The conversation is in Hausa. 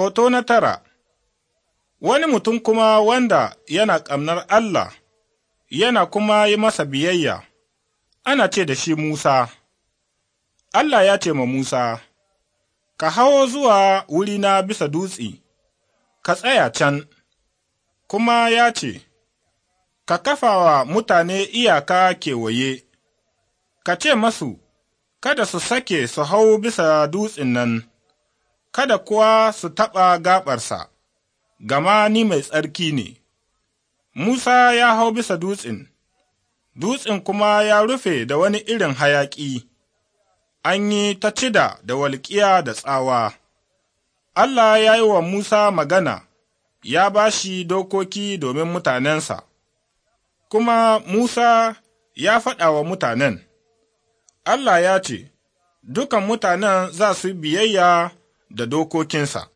Hoto na tara Wani mutum kuma wanda yana ƙamnar Allah, yana kuma yi masa biyayya, ana ce da shi Musa. Allah ya ce ma Musa, Ka hawo zuwa wurina bisa dutse, ka tsaya can, kuma ya ce, Ka kafa wa mutane iyaka kewaye, ka ce masu, Kada su sake su hau bisa dutsen nan. kada kuwa su taɓa gaɓarsa, gama ni mai tsarki ne. Musa ya hau bisa dutsen, dutsen kuma ya rufe da wani irin hayaƙi, an yi ta cida da walƙiya da tsawa. Allah ya yi wa Musa magana, ya ba shi dokoki domin mutanensa, kuma Musa ya faɗa wa mutanen, Allah ya ce, Dukan mutanen za su biyayya da dokokinsa